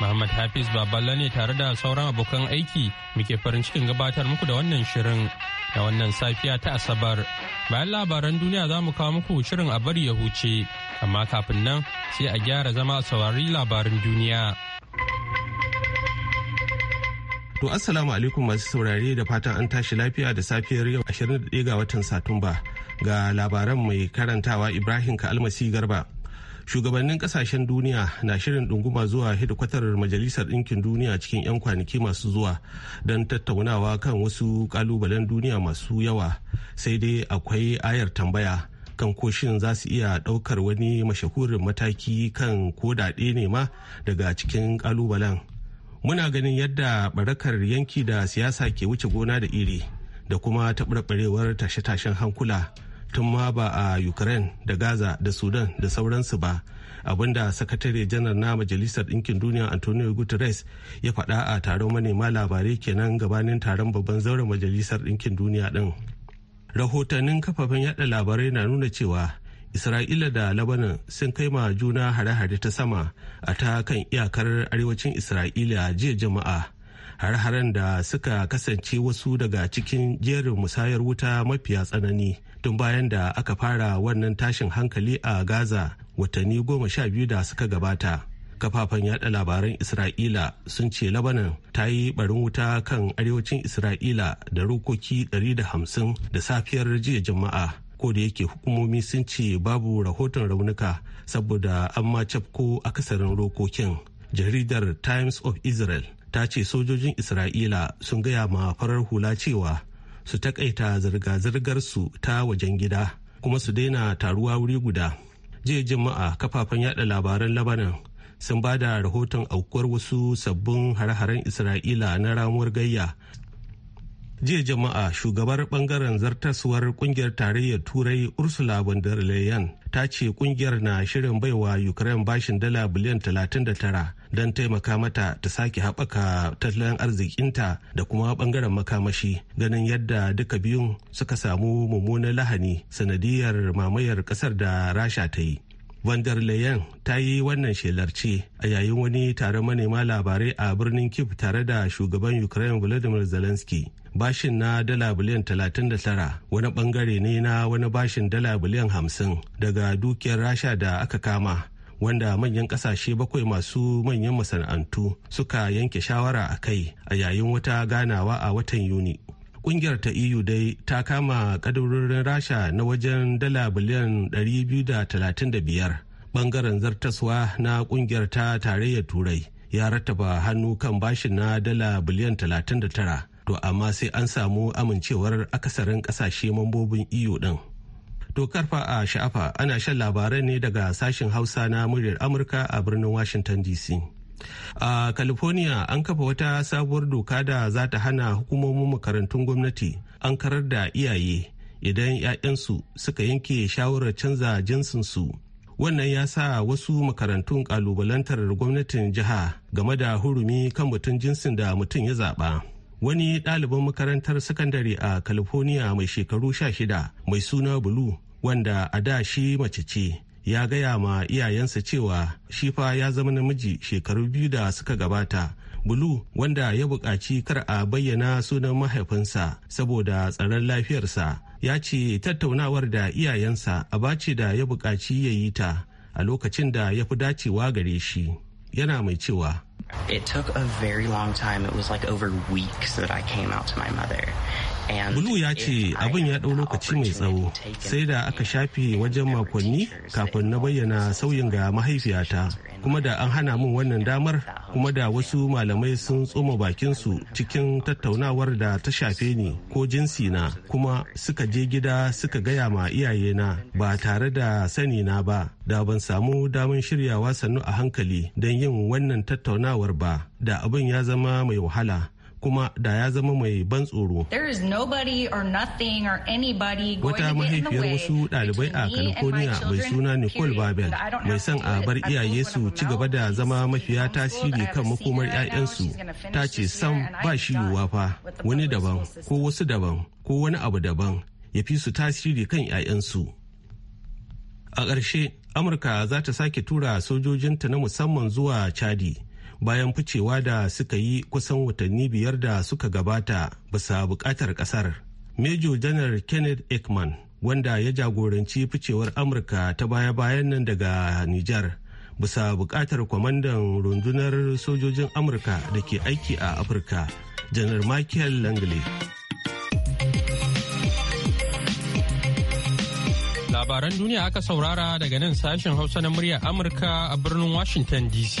Muhammad Hafiz Baballa ne tare da sauran abokan aiki muke farin cikin gabatar muku da wannan shirin da wannan safiya ta Asabar. Bayan labaran duniya za mu kawo muku shirin a bari ya huce, amma kafin nan sai a gyara zama a saurari labarin duniya. To Assalamu alaikum masu saurare da fatan an tashi lafiya da safiyar yau 21 ga watan Satumba ga labaran mai karantawa Ibrahim Ka'almasi Garba. shugabannin kasashen duniya na shirin ɗunguma zuwa hidikwatar majalisar ɗinkin duniya cikin 'yan kwanaki masu zuwa don tattaunawa kan wasu ƙalubalen duniya masu yawa sai dai akwai ayar tambaya kan koshin za su iya ɗaukar wani mashahurin mataki kan ko daɗe ne ma daga cikin ƙalubalen muna ganin yadda barakar yanki da siyasa ke wuce gona da iri da kuma taɓarɓarewar tashe-tashen hankula tun ma ba a ukraine da gaza da sudan da sauransu ba abinda sakatare janar na majalisar ɗinkin duniya antonio guterres ya faɗa a taron manema labarai kenan gabanin taron babban zauren majalisar ɗinkin duniya ɗin rahotannin kafafen yada labarai na nuna cewa isra'ila da labanin sun kai ma juna hare-hare ta sama a ta kan iyakar arewacin isra'ila jiya jama'a har-haren da suka kasance wasu daga cikin jerin musayar wuta mafiya tsanani tun bayan da aka fara wannan tashin hankali a gaza watanni goma sha biyu da suka gabata kafafen yada labaran isra'ila sun ce labanan ta yi barin wuta kan arewacin isra'ila da rokoki 150 da safiyar jiya jama'a ko da yake hukumomi sun ce babu rahoton raunuka saboda an ma cafko akasarin rokokin jaridar times of israel ta ce sojojin isra'ila sun gaya ma farar hula cewa su takaita zirga-zirgarsu ta wajen gida kuma su daina taruwa wuri guda jiya jima'a kafafen yada labaran labanan sun ba da rahoton aukuwar wasu sabbin har haren isra'ila na ramuwar gayya jiya jama'a shugabar bangaren zartaswar kungiyar tarayyar turai ursula von der leyen ta ce kungiyar na shirin baiwa ukraine bashin dala biliyan 39 don taimaka mata ta sake haɓaka tattalin arzikinta da kuma ɓangaren makamashi ganin yadda duka biyun suka samu mummunan lahani sanadiyar mamayar ƙasar da rasha ta yi van leyen ta yi wannan shelar a yayin wani taron manema labarai a birnin kiev tare da shugaban ukraine volodymyr zelensky bashin na dala biliyan 39 wani bangare ne na wani bashin dala biliyan hamsin daga dukiyar rasha da aka kama wanda manyan kasashe bakwai masu manyan masana'antu suka yanke shawara a kai a yayin wata ganawa a watan yuni Kungiyar ta EU dai ta kama kadarorin Rasha na wajen dala biliyan 235 bangaren zartaswa na kungiyar ta tarayyar Turai ya rattaba hannu kan bashin na dala biliyan 39 to amma sai an samu amincewar akasarin kasashe mambobin EU din. To karfa a sha'afa ana shan labarai ne daga sashen Hausa na muryar Amurka a birnin Washington DC. a california an kafa wata sabuwar doka da za ta hana hukumomin makarantun gwamnati an karar da iyaye idan 'ya'yansu suka yanke shawarar canza jinsinsu wannan ya sa wasu makarantun kalubalantar gwamnatin jiha game da hurumi kan mutum jinsin da mutum ya zaɓa wani ɗaliban makarantar sakandare a california mai shekaru 16 mai suna bulu wanda a da shi mace ce ya gaya ma iyayensa cewa shi fa ya zama namiji shekaru biyu da suka gabata bulu wanda ya buƙaci kar a bayyana sunan mahaifinsa saboda tsaron lafiyarsa ya ce tattaunawar da iyayensa a bace da ya buƙaci ya yi ta a lokacin da ya fi dacewa gare shi yana mai cewa It took a very long time. It was like over weeks that I came out to my mother. Bulu ya ce abin ya ɗau lokaci mai tsawo sai da aka shafe wajen makonni kafin na bayyana sauyin ga mahaifiyata kuma da an hana min wannan damar kuma da wasu malamai sun tsoma bakinsu cikin tattaunawar da ta shafe ni ko jinsi na kuma suka je gida suka gaya ma iyayena ba tare da sani na ba da ban samu damar shiryawa sannu a hankali don yin wannan tattaunawar ba da abin ya zama mai wahala kuma da ya zama mai ban tsoro. Wata mahaifiyar wasu ɗalibai a California mai suna Nicole Babel mai son a bar iyaye su ci gaba da zama mafiya tasiri kan makomar 'ya'yansu ta ce sam ba shi yiwuwa fa wani daban ko wasu daban ko wani abu daban ya fi su tasiri kan 'ya'yansu. A ƙarshe, Amurka za ta sake tura sojojinta na musamman zuwa Chadi. bayan ficewa da suka yi kusan watanni biyar da suka gabata bisa bukatar kasar major general kenneth ekman wanda ya jagoranci ficewar amurka ta baya-bayan nan daga nijar bisa bukatar kwamandan rundunar sojojin amurka da ke aiki a afirka janar michael langley labaran duniya aka saurara daga nan sashen hausa na muryar amurka a birnin washington dc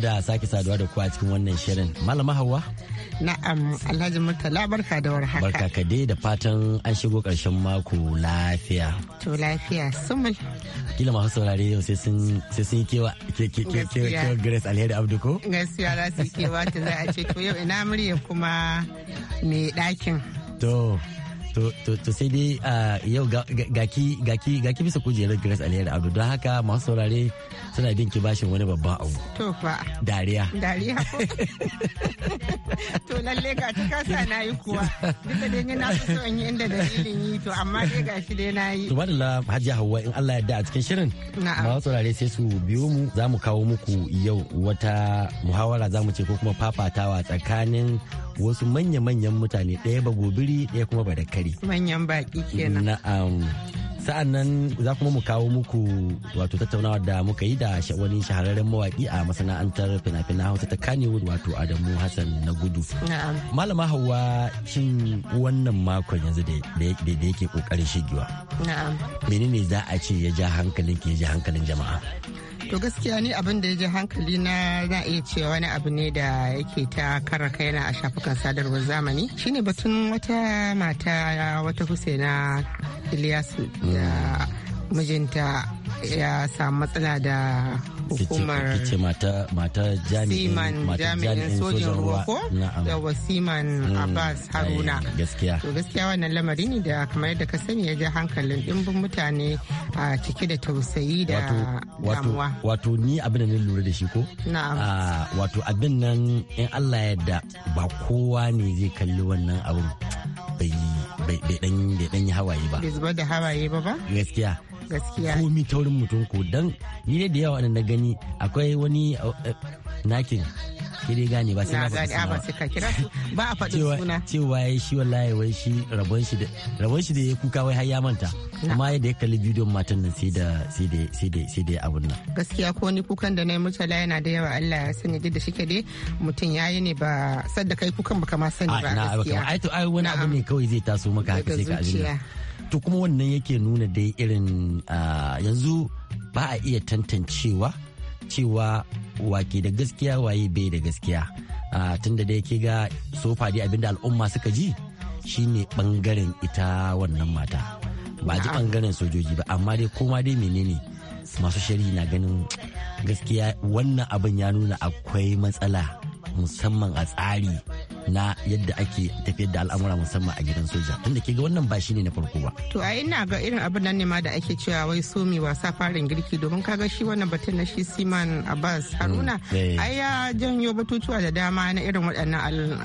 da sake saduwa da ku a cikin wannan shirin. Malama hawa. Na'am, Alhaji Murtala barka da haka Barka ka dai da fatan an shigo karshen mako lafiya. To lafiya sumul. Kila masu saurare yau sai sun yi kewa Grace Alheri Abdu ko? Gaskiya za su kewa ta za a ce to yau ina murya kuma mai ɗakin. To. to to to sai dai ah, yau gaki ga gaki bisa kujerar Grace Alheri Abdu don haka masu saurare suna bin ki bashin wani babban abu to fa dariya dariya to lalle ga ta kasa na yi kuwa duka dai ni na so in yi inda dalilin yi to amma dai ga shi dai na yi to madalla hajiya hawa in Allah ya da a cikin shirin ma tsorare sai su biyo mu za mu kawo muku yau wata muhawara za mu ce ko kuma fafatawa tsakanin wasu manya-manyan mutane ɗaya ba gobiri ɗaya kuma ba da kari manyan baƙi kenan na'am sa'an nan za kuma mu kawo muku wato tattaunawa da muka yi da wani shahararren mawaki a masana'antar fina-finan hausa ta kanewood wato adamu hassan na gudu malama hawa shin wannan makon yanzu da yake kokarin shigewa menene za a ce ya ja hankalin ke ya ja hankalin jama'a To gaskiya ni abin da ya ji hankali na za a iya cewa wani abu ne da yake ta kara kaina a shafukan sadarwar zamani shine batun wata mata wata Husaina Iliyasu da mijinta ya samu matsala da hukumar kice mata mata jami'in jami'in sojin ruwa ko yawa siman mm, abbas haruna gaskiya to gaskiya wannan lamari ne da kamar yadda ka sani ya ja hankalin dimbin mutane a cike da tausayi da damuwa wato ni abin da ne lura da shi ko na'am wato abin nan in Allah ya da ba kowa ne zai kalli wannan abin bai bai dan hawaye ba bai da hawaye ba ba gaskiya gaskiya komi taurin mutum ko dan ni da yawa na gani akwai wani eh, nakin ke dai gane ba sai na faɗi suna ba sai ka kira ba a faɗi suna cewa ya shi wallahi wai shi rabon shi da rabon shi da ya kuka wai har ya manta amma yadda ya kalli bidiyon matan nan sai da sai da sai da sai da abun nan gaskiya ko ni kukan da na yi mutala yana da yawa Allah ya sani duk da shike dai mutum yayi ne ba da kai kukan baka ma sani ba gaskiya ai to ai wani abu ne kawai zai taso maka haka sai ka ajina to kuma wannan yake nuna dai irin ah, yanzu ba a iya tantancewa cewa wake da gaskiya waye bai da gaskiya tunda da yake ga sofa dai abinda al'umma suka ji shine bangaren ita wannan mata ba ji bangaren sojoji ba amma dai koma dai menene masu shari'i na ganin gaskiya wannan abin ya nuna akwai matsala musamman a tsari na yadda ake tafiyar da al'amura musamman a gidan soja tunda ke ga wannan ba shi ne na farko ba. To a ina ga irin abin nan ne ma da ake cewa wai so mai wasa farin girki domin kaga shi wannan batun na shi Siman Abbas mm, Haruna eh. ai ya janyo batutuwa da dama na irin waɗannan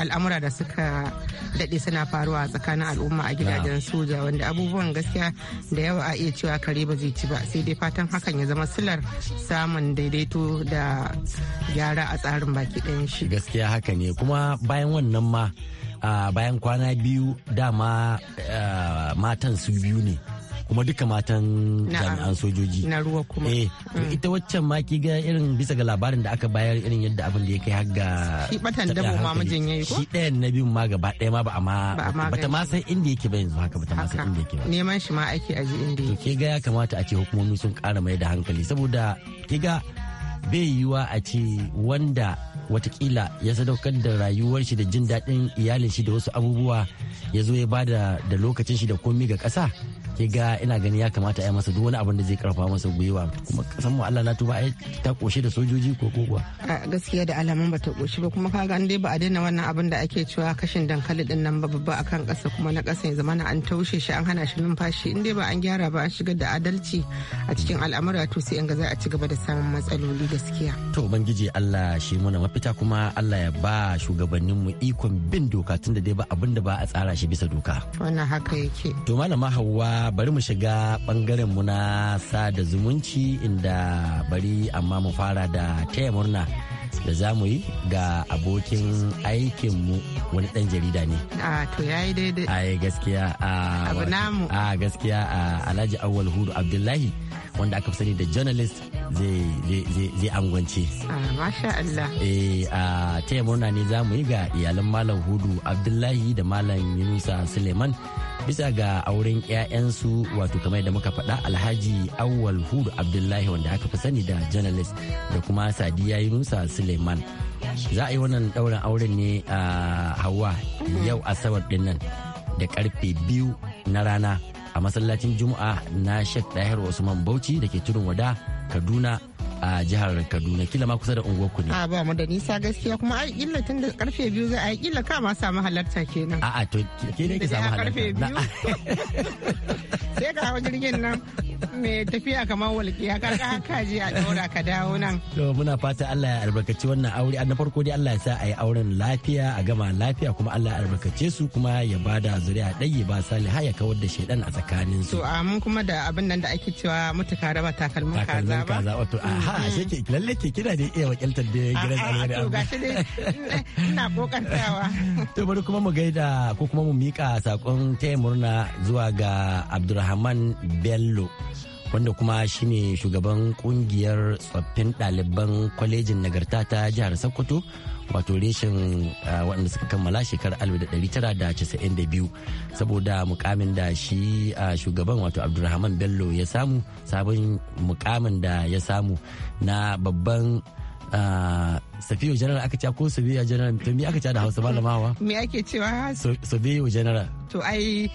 al'amura da suka daɗe suna faruwa tsakanin al'umma a gidajen soja wanda abubuwan gaskiya da yawa a iya cewa kare ba zai ci ba sai dai fatan hakan ya zama silar samun daidaito da gyara a tsarin labarin baki ɗayan shi gaskiya haka ne kuma bayan wannan ma bayan kwana biyu dama matan su biyu ne kuma duka matan jami'an sojoji na ruwa kuma eh mm. ita waccan ma ki ga irin bisa ga labarin da aka bayar irin yadda abin da ya kai har ga shi batan dabo ma mijin yayi ko shi ɗayan na biyun ma gaba ɗaya ma ba a ma bata ma san inda yake ba yanzu haka bata ma san inda yake ba neman shi ma ake aji inda yake to ke ga ya kamata a ce hukumomi sun ƙara mai da hankali saboda ke ga bai yiwa a ce wanda watakila ya sadaukar da rayuwar shi da jin daɗin iyalin shi da wasu abubuwa ya zo ya bada da lokacin shi da komi ga ƙasa ke ga ina gani ya kamata a yi masa duk wani abin da zai karfa masa gwiwa kuma kasan mu Allah na tuba ai ta koshe da sojoji ko ko kuwa gaskiya da alamun ba ta koshe ba kuma kaga an dai ba a daina wannan abin da ake cewa kashin dankali din nan ba babba akan kasa kuma na kasa ya zama na an taushe shi an hana shi numfashi in dai ba an gyara ba an shigar da adalci a cikin al'amura to sai in ga za a ci gaba da samun matsaloli gaskiya to ubangiji Allah shi muna mafita kuma Allah ya ba shugabannin shugabanninmu ikon bin doka tunda dai ba abin da ba a tsara shi bisa doka wannan haka yake to malama hawa. bari mu shiga bangaren mu na sada zumunci inda bari amma mu fara da taya murna da za mu yi ga abokin aikinmu wani dan jarida ne. A to ya daidai. A eh, gaskiya a abu namu. A gaskiya a Alhaji Awal Hudu Abdullahi wanda aka fi sani da journalist zai angwance. Masha Allah. Eh a taya murna ne za mu yi ga iyalan Malam Hudu Abdullahi da Malam Yunusa Suleiman bisa ga auren 'ya'yansu wato kamar da muka faɗa alhaji awwal hudu abdullahi wanda aka fi sani da journalist da kuma sadiya yunusa suleiman za a yi wannan ɗaurin auren ne a hawa yau asabar dinnan da karfe biyu na rana a masallacin juma'a na shek ɗahar usman bauchi da ke tudun wada kaduna a jihar kaduna kila ma kusa da unguwarku ne a ba mu da nisa gaskiya kuma ai kila tun da karfe biyu za a yi kila ka ma samu halarta kenan a'a to kenan ki samu halarta sai ga hawa jirgin nan mai tafiya kamar walƙiya karka kaji a daura ka dawo nan. To muna fata Allah ya albarkaci wannan aure na farko dai Allah ya sa a yi auren lafiya a gama lafiya kuma Allah ya albarkace su kuma ya bada zuri'a ɗaya ba ha ya kawar da shaidan a tsakanin su. To amin kuma da abin nan da ake cewa mutuka raba takalmin kaza ba. Takalmin kaza wato ha mm-hmm. ashe ke lalle ke kina da iya wakiltar da gidan alwari. To gashi dai ina kokartawa. To bari kuma mu gaida ko kuma mu mika sakon taya murna zuwa ga Abdulrahman abdulrahman bello wanda kuma shine shugaban kungiyar tsoffin ɗaliban kwalejin nagarta ta jihar sokoto wato reshen waɗanda suka kammala shekarar 1992 saboda mukamin da shi shugaban wato abdulrahman bello ya samu sabon mukamin da ya samu na babban safiyo general aka cewa ko sabiya general to me aka cewa da hausa malamawa me ake cewa sabiyo general to ai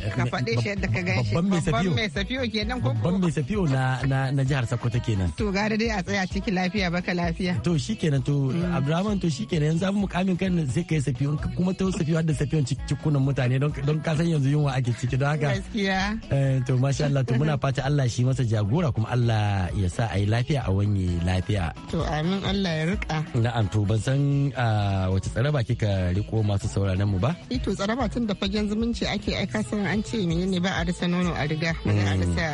Eh, ka shi yadda ka ganshi babban mai safiyo kenan ko babban mai safiyo na na na jihar Sokoto kenan to gara dai a tsaya ciki lafiya baka lafiya to shikenan to hmm. Abdurrahman to shikenan yanzu abin mukamin kan sai kai safiyo kuma ta safiyo da safiyon cikunan mutane don don ka san yanzu yunwa ake ciki don haka gaskiya eh, to masha Allah to muna fata Allah shi masa jagora kuma Allah ya sa a yi lafiya a wani lafiya to amin Allah ya rika na'am to ban san wace tsaraba kika riko masu sauraron mu ba ito tsaraba tun da fagen zumunci ake aika san an ce menene ba a rasa nono a riga muna a mm. rasa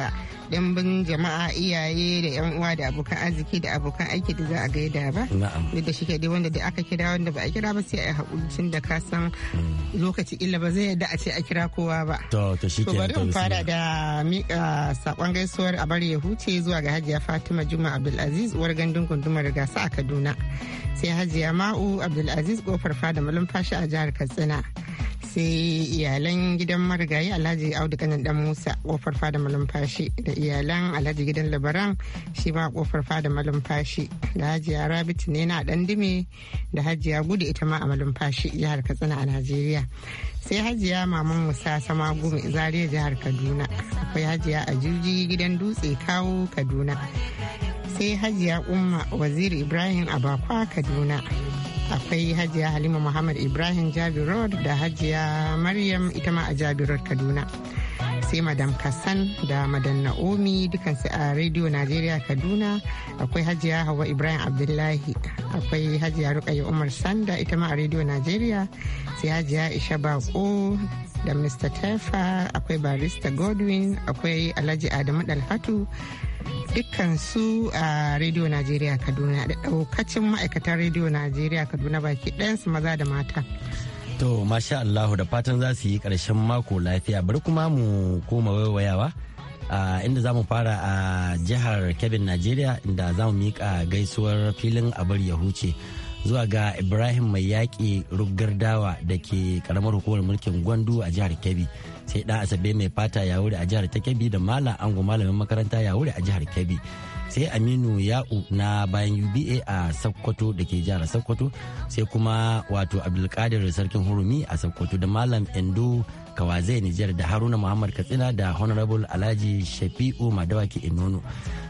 jama'a iyaye da yan uwa da abokan arziki da abokan aiki da za a gaida ba duk da shike dai wanda da aka kira wanda ba a kira ba sai a yi haƙuri tun da ka san mm. lokaci illa ba zai yadda a ce a kira kowa ba to to shi to fara da mika sakon gaisuwar a bar ya huce zuwa ga Hajiya Fatima Juma Abdulaziz uwar gandun gundumar gasa a Kaduna sai Hajiya Ma'u Abdulaziz kofar fada malumfashi a jihar Katsina sai iyalan gidan marigayi alhaji audu kanan dan musa kofar fada malumfashi da iyalan alhaji gidan labaran shi ma kofar fada malumfashi da hajiya rabitu ne na dan dime da hajiya gudu ita ma a malumfashi jihar katsina a najeriya sai hajiya maman musa sama gumi zariya jihar kaduna akwai hajiya a ajuji gidan dutse kawo kaduna sai hajiya umma waziri ibrahim abakwa kaduna akwai hajiya halima muhammad ibrahim jabi road da hajiya maryam ita ma a jabi kaduna sai madam kassan da madam naomi dukansu a radio najeriya kaduna akwai hajiya hawa ibrahim abdullahi akwai hajiya rukayi umar sanda ita ma a radio najeriya sai hajiya isha bako da mr tefa akwai barista godwin akwai alhaji adamu dalhatu dukkan su a rediyo najeriya kaduna da daukacin ma'aikatan rediyo najeriya kaduna baki ɗayansu maza da mata to masha allahu da fatan za su yi ƙarshen mako lafiya bari kuma mu koma waiwayawa inda za mu fara a jihar kebbi najeriya inda za mu miƙa gaisuwar filin abar ya huce zuwa ga ibrahim mai yaƙi ruggar dawa da ke ƙaramar hukumar mulkin gwandu a jihar kebbi sai dan asabe mai fata ya wuri a jihar ta kebbi da mala ango malamin makaranta ya wuri a jihar kebbi sai aminu ya'u na bayan uba a sokoto da ke jihar sokoto sai kuma wato abdulkadir sarkin hurumi a sokoto da malam endo kawazai nijar da haruna muhammad katsina da honorable alhaji shafi'u madawaki inono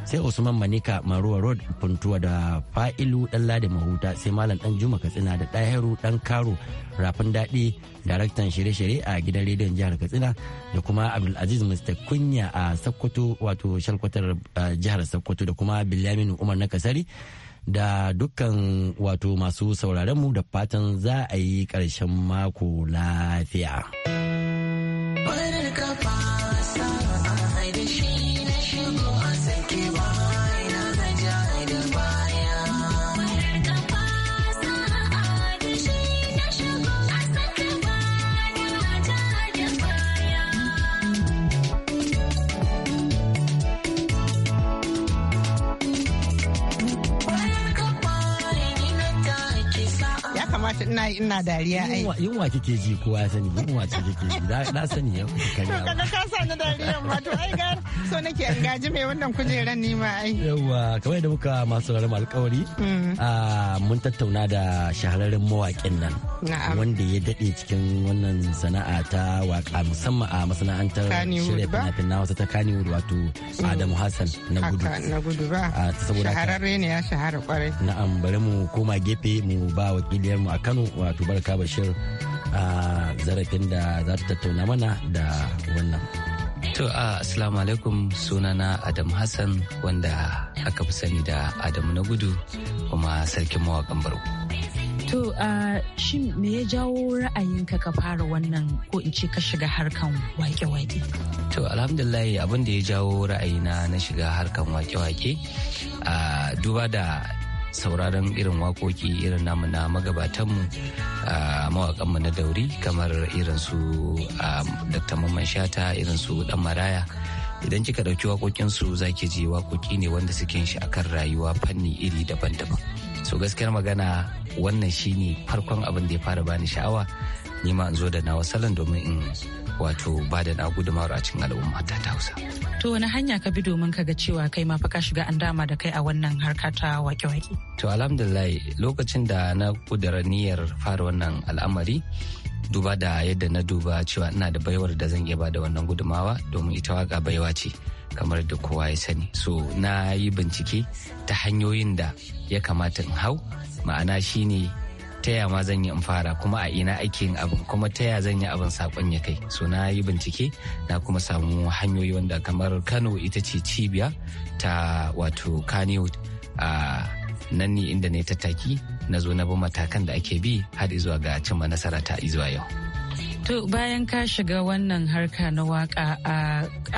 sai usman manika maruwa road puntuwa da fa'ilu dan Lade mahuta sai malam dan juma katsina da ɗahiru dan karo rafin daɗi daraktan shirye-shirye a gidan rediyon jihar katsina da kuma abdulaziz mr kunya a sokoto wato shalkwatar jihar sokoto da kuma bilyaminu umar na kasari da dukkan wato masu sauraronmu da fatan za a yi karshen mako lafiya. ina ina dariya ai yunwa kike ji kowa ya sani yunwa ce kike ji na sani yau to ka sani dariya ma to ai ga so nake an gaji mai wannan kujeran ni ma ai yawa kamar da muka masu rarar alƙawari mm. mun tattauna da shahararren mawaƙin nan wanda ya dade cikin wannan sana'a ta waka musamman a masana'antar shirya fina-finan wasu ta Kannywood wato Adamu Hassan na gudu na gudu ba shahararre ne ya shahara kwarai na'am bari mu koma gefe mu ba wakiliyarmu mu a Kano wato barka bashir a zarafin da za ta tattauna mana da wannan to a assalamu alaikum sunana adam hassan wanda aka fi sani da adamu na gudu kuma sarkin mawakan barko to a shin me ya jawo ra'ayinka ka fara wannan ko in ce ka shiga harkan wake-wake to alhamdulillah abin da ya jawo ra'ayina na shiga harkan wake-wake a duba da sauraron irin wakoki irin namu na magabatanmu a mawakanmu na dauri kamar irin su dr mamman shata irin su dan maraya idan kika ɗauki wakokinsu za ki ji wakoki ne wanda suke shi akan rayuwa fanni iri daban-daban so gaskiyar magana wannan shine farkon abin da ya fara bani sha'awa nima in zo da nawa salon domin in wato ba da na a cikin al'umma ta hausa. To wani hanya ka bi domin ka ga cewa kai ma faka shiga an dama da kai a wannan harka ta wake-wake? To alhamdulillah lokacin da na kudura niyyar fara wannan al'amari duba da yadda na duba cewa ina da baiwar da zan iya ba da wannan gudumawa domin ita waka baiwa ce kamar da kowa ya sani so na yi bincike ta hanyoyin da ya kamata in hau ma'ana shine ta yaya ma zan yi in fara kuma a ina ake yin abin kuma ta yaya zan yi abin sakon ya kai so na yi bincike na kuma samu hanyoyi wanda kamar kano ita ce cibiya ta wato kanewood a nan ne inda ne tattaki na zo na bi matakan da ake bi har zuwa ga cimma nasara ta izuwa yau To bayan ka shiga wannan harka na waka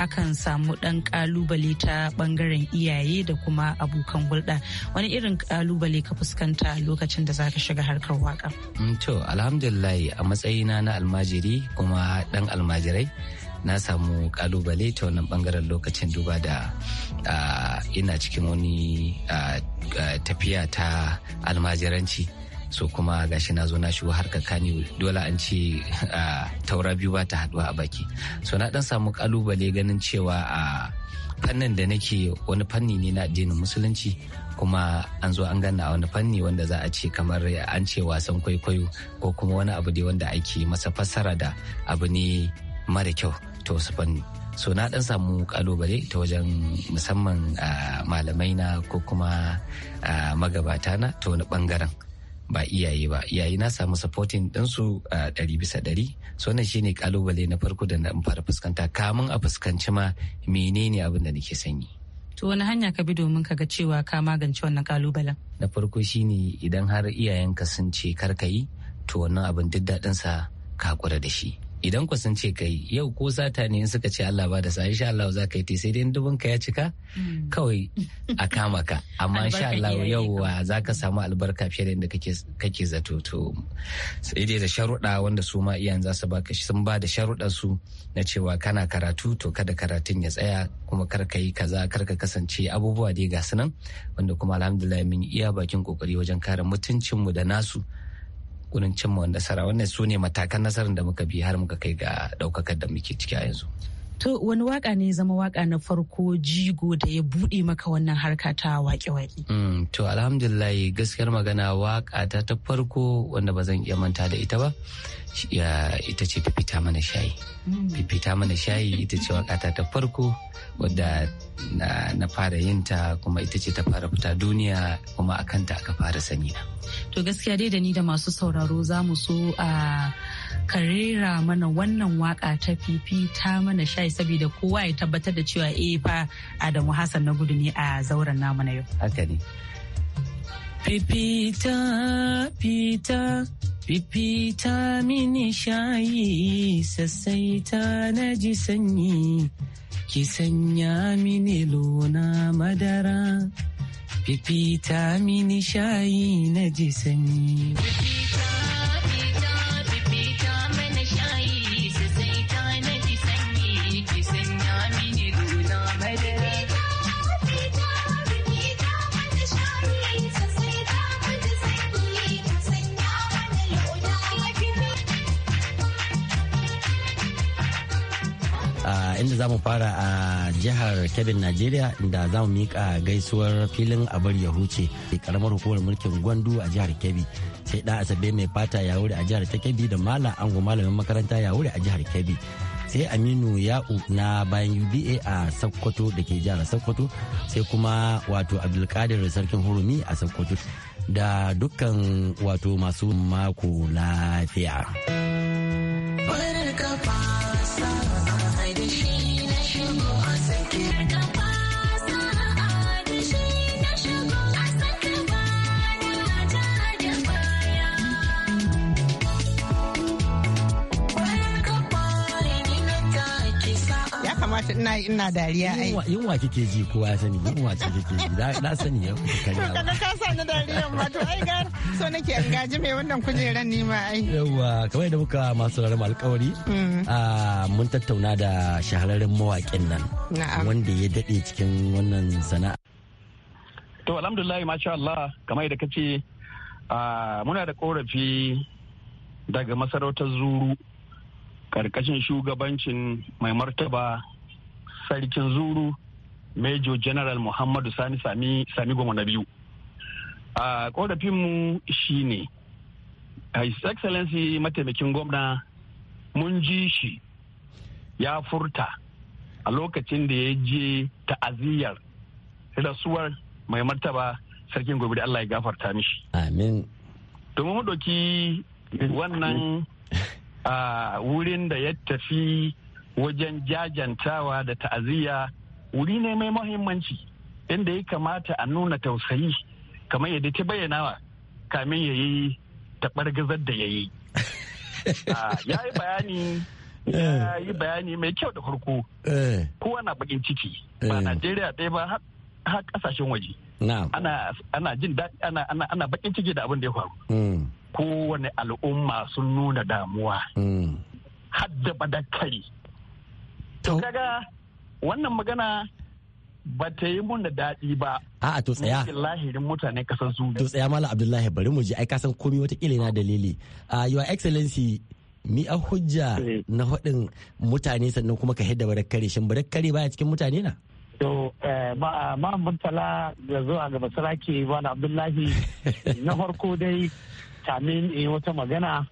akan samu ɗan ƙalubale ta ɓangaren iyaye da kuma abokan hulɗa. Wani irin ƙalubale ka fuskanta lokacin da zaka shiga harkar waka? Mm, to alhamdulillah a matsayina na almajiri kuma ɗan almajirai na samu ƙalubale ta wannan ɓangaren lokacin duba da ina cikin wani tafiya ta almajiranci. so kuma gashi na zo na shigo harka kani dole an ce taura biyu ba ta haduwa a baki so na dan samu kalubale ganin cewa a fannin da nake wani fanni ne na addinin musulunci kuma an zo an ganna a wani fanni wanda za a ce kamar an ce wasan kwaikwayo ko kuma wani abu ne wanda ake masa fassara da abu ne mara kyau ta wasu fanni so na dan samu kalubale ta wajen musamman malamai na ko kuma magabata na ta wani bangaren ba iyaye ba iyaye na samu supporting ɗinsu a ɗari bisa ɗari so wannan shine kalubale na farko da na fara fuskanta kamun a fuskanci ma menene abin da nake sanyi to wani hanya ka bi domin ka ga cewa ka magance wannan kalubalen na farko shine idan har iyayenka sun ce kar ka yi to wannan abin duk daɗinsa ka kura da shi idan ku sun ce kai yau ko sata ne suka ce Allah ba da sa insha Allah za ka yi sai dai dubin ka ya cika hmm. kawai a kama ka amma insha Allah yau za ka samu albarka fiye da inda kake zato to sai dai da sharuɗa wanda su ma iyayen za su baka sun ba da sharuɗa su na cewa kana karatu to kada karatun ya tsaya kuma kar ka yi kaza kar ka kasance abubuwa dai ga su nan wanda kuma alhamdulillah mun iya bakin kokari wajen kare mutuncinmu da nasu Kunin cimma nasara wannan su ne matakan nasarar da muka bi har muka kai ga ɗaukakar da muke ciki a yanzu To wani waka ne zama waka na farko jigo da ya buɗe maka wannan harka ta waƙe-waƙe? Mm, to alhamdulillah gaskiyar magana waka ta ta farko wanda ba zan iya manta da ita ba ita ce fifita mana shayi. Mm. Fifita mana shayi ita ce waka ta ta farko wadda na, fara yin ta kuma ita ce ta fara fita duniya kuma akanta aka fara sani To gaskiya dai da ni da masu sauraro za mu so a ah, ka rera mana wannan waka ta fifita mana shayi saboda kowa ya tabbatar da cewa eh fa Adamu Hassan na gudu ne a zauren namu na yau. Haka ne. Fifita fifita mini shayi sassai ta na ji sanyi ki sanya mini lona madara fifita mini shayi na ji sanyi. inda za mu fara a jihar kebin Najeriya inda za mu miƙa gaisuwar filin abar ya huce karamar hukumar mulkin Gwandu a jihar Kebbi sai ɗan asabe mai fata ya wuri a jihar ta Kebbi da malam ango malamin makaranta ya wuri a jihar Kebbi. sai aminu ya'u na bayan uba a sokoto da ke jihar sokoto sai kuma wato abdulkadir sarkin hurumi a sokoto da dukkan wato masu mako lafiya. ina ina dariya ai yunwa kike ji kowa sani yunwa ce kike ji na sani ya kuka kariya kaga ka sa na dariya ma to ai gar so nake in gaji mai wannan kujeran ni ma ai yawa kamar da muka masu rarrama alƙawari. Mm. mun tattauna da shahararren mawaƙin nan wanda ya dade cikin wannan sana'a to alhamdulillah masha Allah kamar yadda kace muna da korafi daga masarautar zuru karkashin shugabancin mai martaba sarkin zuru major general muhammadu sani sami sami goma na biyu a korafinmu shi ne his excellency mataimakin gwamna mun ji shi ya furta a lokacin da ya je ta'aziyar rasuwar mai martaba sarkin gobe da Allah ya gafarta mishi. Amin. Domin mu ɗauki wannan wurin da ya tafi wajen jajantawa da ta'aziyya wuri ne mai mahimmanci inda ya kamata a nuna tausayi kamar yadda ta bayyanawa kamin ya yi tabar gazar da ya yi ah, ya yi bayani ya eh. yi bayani mai kyau da farko eh. kowa na bakin ciki ba eh. najeriya ɗaya ba har kasashen waje ana jin daɗi ana bakin ciki da abin da ya faru hmm. kowane al'umma sun nuna damuwa hmm. hadda badakari to kaga wannan magana ba ta yi mun da daɗi ba. A'a to tsaya. lahirin mutane kasar su. To tsaya mala Abdullahi bari mu ji ai kasan komai kila na dalili. a uh, Your Excellency mi a hujja eh. na haɗin mutane sannan kuma ka hidda barakkare shin barakkare baya cikin mutane na? To eh, ma muntala da zuwa ga ba na Abdullahi na farko dai tamin wata magana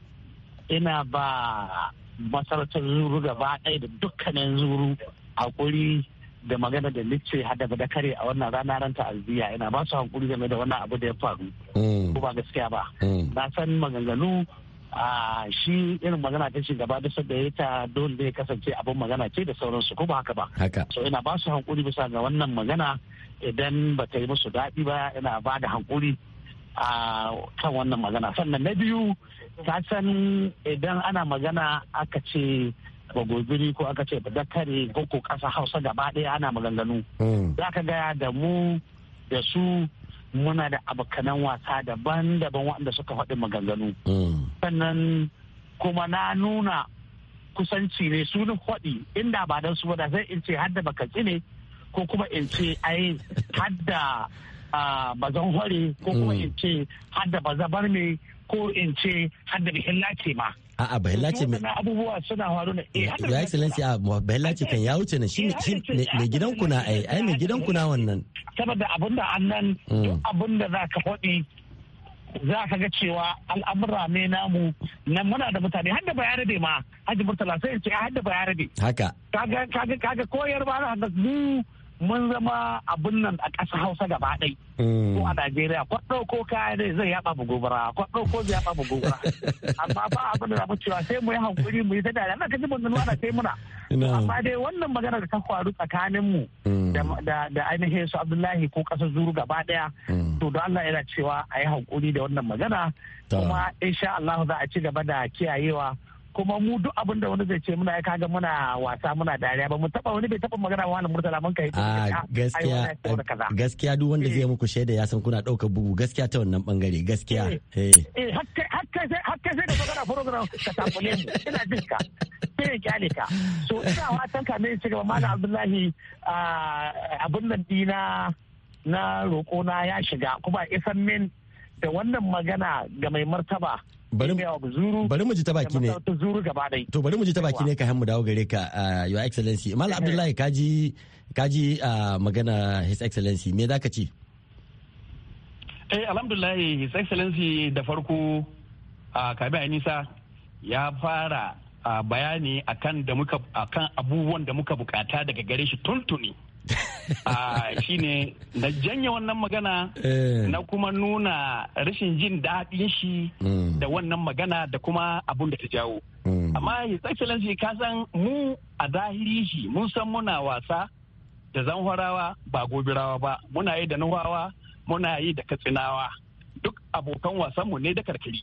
ina ba masarautar zuru gaba ɗaya da dukkanin zuru haƙuri da magana da lice hada da kare a wannan rana ran ta'aziyya yana ba su hankuri game da wannan abu da ya faru mm. ko ba gaskiya ba mm. na san maganganu a shi irin magana ta shugaba da sadda ya ta dole ya kasance abin magana ce da sauransu ko ba haka ba so ina ba su hankuri bisa ga wannan magana idan ba ta yi musu daɗi ba ina ba da hankuri a kan wannan magana sannan na biyu ta san idan ana magana aka ce bagobiri ko aka ce dakare ko ko ƙasa hausa gaba ɗaya ana maganganu hmm. za ka gaya da mu da su muna da abokanan wasa daban-daban waɗanda suka faɗi maganganu hmm. sannan kuma na nuna kusanci ne su faɗi inda ba don su da zai in ce hadda ba ne ko kuma in ce ai hadda a bazan hore ko kuma mm. in ce hadda bar ne ko in ce hadda bai lace ma A'a bahilla ce mai abubuwa suna faru na eh ya excellency a bahilla ce kan ya wuce na shi ne eh, gidan ku na eh, ai ai ne gidan ku na wannan saboda abinda annan mm. duk abinda ka faɗi za ka ga cewa al'amura ne namu na muna da mutane hadda ba da ma hajji murtala sai in ce hadda ba da. haka kaga kaga kaga koyar ba za ka mu mun zama abin nan a ƙasa hausa gaba ɗai hmm. ko a najeriya ko ɗauko kaya ne zai yaba mu gobara ko ɗauko zai yaba mu gobara amma ba abin da zamu cewa sai mu yi hankuri mu yi ta dariya na kaji mun da sai muna amma dai wannan magana da ta faru tsakanin mu hmm. da ainihin su abdullahi ko ƙasar zuru gaba ɗaya hmm. to da allah yana cewa a yi hankuri da wannan magana kuma insha allah za a ci gaba da kiyayewa kuma mu duk abin da wani zai ce muna ya kaga muna wasa muna dariya ba mu taba wani bai taba magana wani murtala mun kai ah, gaskiya gaskiya duk wanda zai eh. muku shaida ya san kuna daukar bugu gaskiya ta wannan bangare gaskiya eh, eh. eh hakka sai hakka sai da magana program ka tafule mu ina jin ka sai ya kyale ka so ina wasan ka ne ci gaba malam abdullahi ah, abin nan dina na roƙo na ya shiga kuma isan min da wannan magana ga mai martaba bari mu ji ta baki ne to bari mu ji ta baki ne ka mu dawo gare ka your excellency mal eh. abdullahi kaji kaji magana his excellency me za ka ci eh alhamdulillah his excellency da farko a kabi nisa ya fara bayani akan da muka akan abubuwan da muka bukata daga gare shi tuntuni Ah, shine na janye wannan magana eh. na kuma nuna rashin jin daɗin shi hmm. da wannan magana da kuma abun da ta jawo hmm. amma his excellency ka san mu a zahiri shi mun san muna wasa da zanhorawa ba gobirawa ba muna yi da nuwawa muna yi da katsinawa duk abokan wasanmu ne da karkari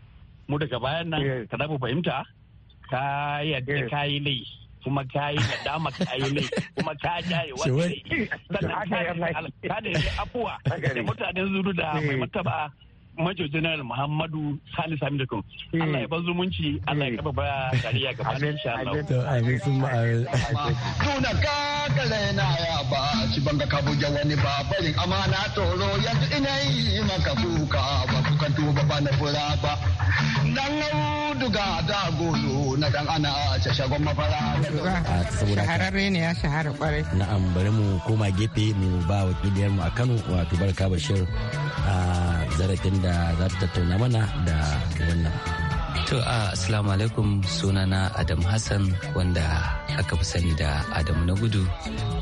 mu daga bayan nan eh. ka dafa fahimta ka yadda eh. ka yi lai kuma ka yi da dama ka yi lai kuma ka jaye wani sannan ka yi afuwa da mutanen zuru da mai eh. mataba Major General Muhammadu Salisu Sami Allah ya ban zumunci, Allah ya kafa ba dariya gaba. Amin. Amin. Amin. ka raina ya ba ci banga ka buge wani ba barin amana toro yanzu ina yi maka kuka ba kuka tuba ba na fura ba dan auduga da golo na dan ana ce shagon mafara shahararre ne ya shahara kwarai na'am bari mu koma gefe mu ba wakiliyar mu a Kano wato Barka Bashir a ah, zarafin da za ta tattauna mana da wannan To a Assalamu alaikum sunana Adam Hassan wanda aka fi sani da Adamu na gudu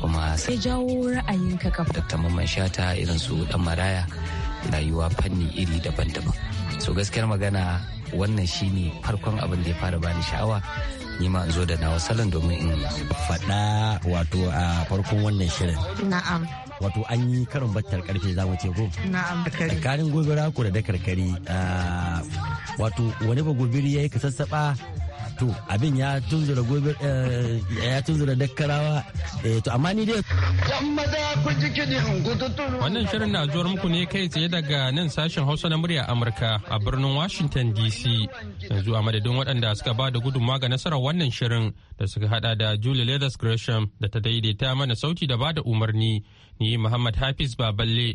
kuma sai jawo ra'ayin ka Dr. Mamman Shata irin su dan maraya rayuwa fanni iri daban-daban. So gaskiyar magana wannan shine farkon abin da ya fara bani sha'awa ni ma zo da nawa salon domin in faɗa wato a farkon wannan shirin. Na'am. Wato an yi karin battar karfe za mu ce ko? Na'am. Karin gobe ku da karkari wato wani bagobiri ya yi ka sassaɓa to abin ya tunzura gobe eh, ya tunzura dakkarawa eh, to amma ni dai wannan shirin na zuwar muku ne kai tsaye daga nan sashen hausa na murya amurka a birnin washington dc yanzu a madadin waɗanda suka ba da gudunmawa ga nasarar wannan shirin da suka hada da julie leathers gresham da ta daidaita mana sauti da ba da umarni ni muhammad hafiz baballe